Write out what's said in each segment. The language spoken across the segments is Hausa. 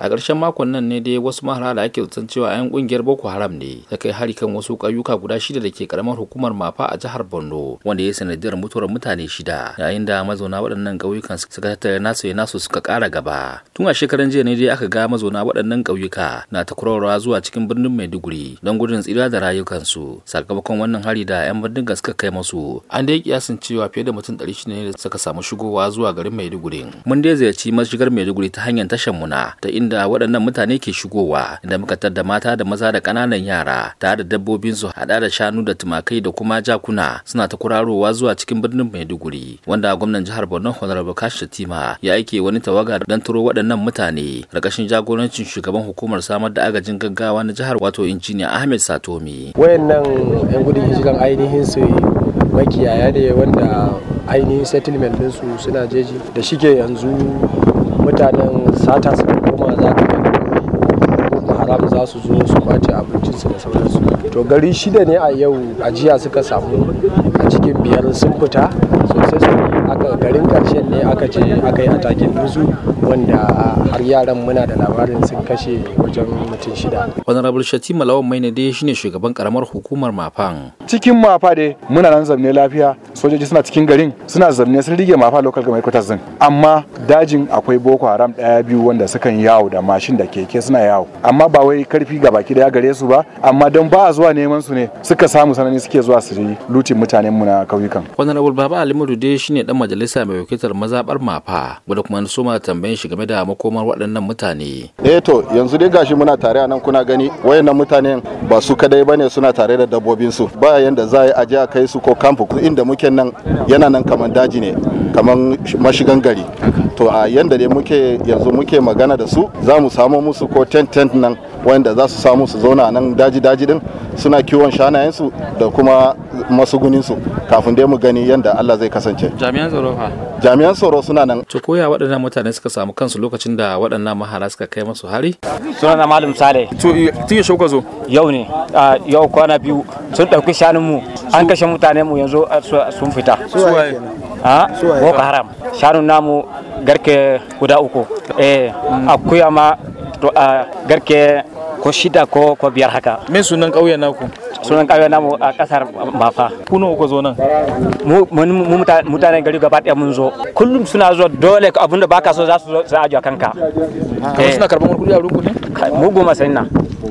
a ƙarshen makon nan ne dai wasu mahara da ake zaton cewa 'yan ƙungiyar boko haram ne ta kai hari kan wasu ƙauyuka guda shida da ke ƙaramar hukumar mafa a jihar borno wanda ya sanadiyar mutuwar mutane shida yayin da mazauna waɗannan ƙauyukan suka tattara nasu ya nasu suka ƙara gaba tun a shekaran jiya ne dai aka ga mazauna waɗannan ƙauyuka na ta zuwa cikin birnin maiduguri don gudun tsira da rayukansu sakamakon wannan hari da 'yan bindiga suka kai musu. an dai kiyasin cewa fiye da mutum ɗari shida ne suka samu shigowa zuwa garin maiduguri mun dai ziyarci mashigar maiduguri ta hanyar tashar muna ta inda inda waɗannan mutane ke shigowa da muka da mata da maza da ƙananan yara tare da dabbobinsu haɗa da shanu da tumakai da kuma jakuna suna ta kurarowa zuwa cikin birnin Maiduguri wanda gwamnan jihar Borno Honorable Kashi Tima ya aike wani tawaga don turo waɗannan mutane rakashin jagorancin shugaban hukumar samar da agajin gaggawa na jihar wato injiniya Ahmed Satomi. Wayannan 'yan gudun hijiran ainihin su makiyaya ne wanda ainihin settlement ɗinsu suna jeji da shige yanzu mutanen sata su koma za ka haram za su zo su kwace abincinsu da sauransu to gari shida ne a yau ajiya suka samu a cikin biyar sun fita sosai su aka garin karshen ne aka ce aka yi atakin dusu wanda har yaran muna da labarin sun kashe wajen mutum shida. honorable shati malawan mai ne dai shine shugaban karamar hukumar mafan cikin mafa dai muna nan zamne lafiya sojoji suna cikin garin suna zamne sun rige mafa local government headquarters din amma dajin akwai boko haram daya biyu wanda sukan yawo da mashin da keke suna yawo amma ba wai karfi ga baki daya gare su ba amma don ba a zuwa neman su ne suka samu sanani suke zuwa su yi lutin mutanen mu na kauyukan abul baba alimudu dai shine dan majalisa mai wakiltar mazabar mafa wanda kuma so ma tambayin shi game da makomar waɗannan mutane eh to yanzu dai gashi muna tare a nan kuna gani wayannan mutanen ba su kadai bane suna tare da dabbobin su ba yanda za a je a kai su ko kamfu inda muke nan yana nan kamar daji ne kamar mashigan gari to a yanda dai muke yanzu muke magana da su za mu samo musu ko tent tent nan wanda za su samu su zauna nan daji-daji din suna kiwon shanayensu da kuma masuguninsu kafin dai mu gani yadda Allah zai kasance. Jami'an tsaro fa? Jami'an tsaro suna nan. To koya waɗannan mutane suka samu kansu lokacin da waɗannan mahara suka kai masu hari? Suna na Malam Sale. To eh, tiye shauka zo? Yau ne, yau kwana biyu sun ɗauki shanunmu an kashe mutane mu yanzu sun fita. Suwaye? Ha? Boko Haram. Shanun namu garke guda uku. Eh, akuya ma to a garke ko shida ko ko biyar haka me sunan ƙauyen naku sunan ƙauyen namu a ƙasar mafa ku nawa ku zo nan mu mutanen gari gaba ɗaya mun zo kullum suna zo dole abinda baka so za su zo za a jiya kanka kamar eh. suna karɓar kuɗi a rukuni mu goma sai na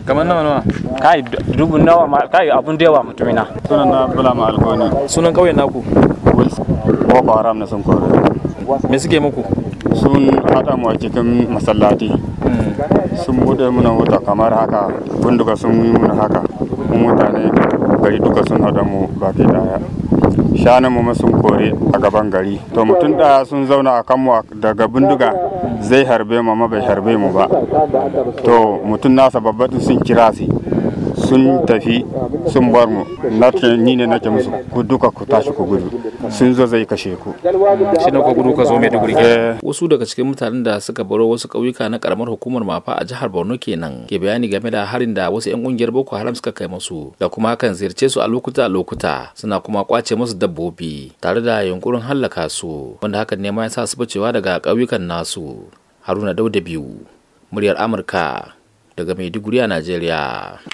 kamar nawa nawa kai dubu nawa ma kai abun da yawa mutumina sunan na bala ma alkoni sunan ƙauyen naku ba Haram na sun kore. Me suke muku? sun haɗa mu a cikin masallati sun buɗe muna wuta kamar haka bindiga sun yi muna haka kuma mutane gari duka sun haɗa mu baki daya shanin mu sun kore a gaban gari to mutum daya sun zauna a kanmu daga bindiga zai harbe mu ma bai harbe mu ba to mutum nasa babbaɗin sun kira su sun tafi sun bar mu ni ne nake musu ku duka ku tashi ku gudu sun zo zai kashe ku shi na gudu ka zo mai gurgi eh. wasu daga cikin mutanen da suka baro wasu ƙauyuka na karamar hukumar mafa a jihar Borno kenan ke bayani game da harin da wasu yan kungiyar Boko Haram suka kai musu da kuma kan ziyarce su a lokuta a lokuta suna kuma kwace musu dabbobi tare da yunkurin hallaka su wanda hakan ne ma ya sa su bacewa daga ƙauyukan nasu Haruna Dauda biyu muryar Amurka daga Maiduguri a Najeriya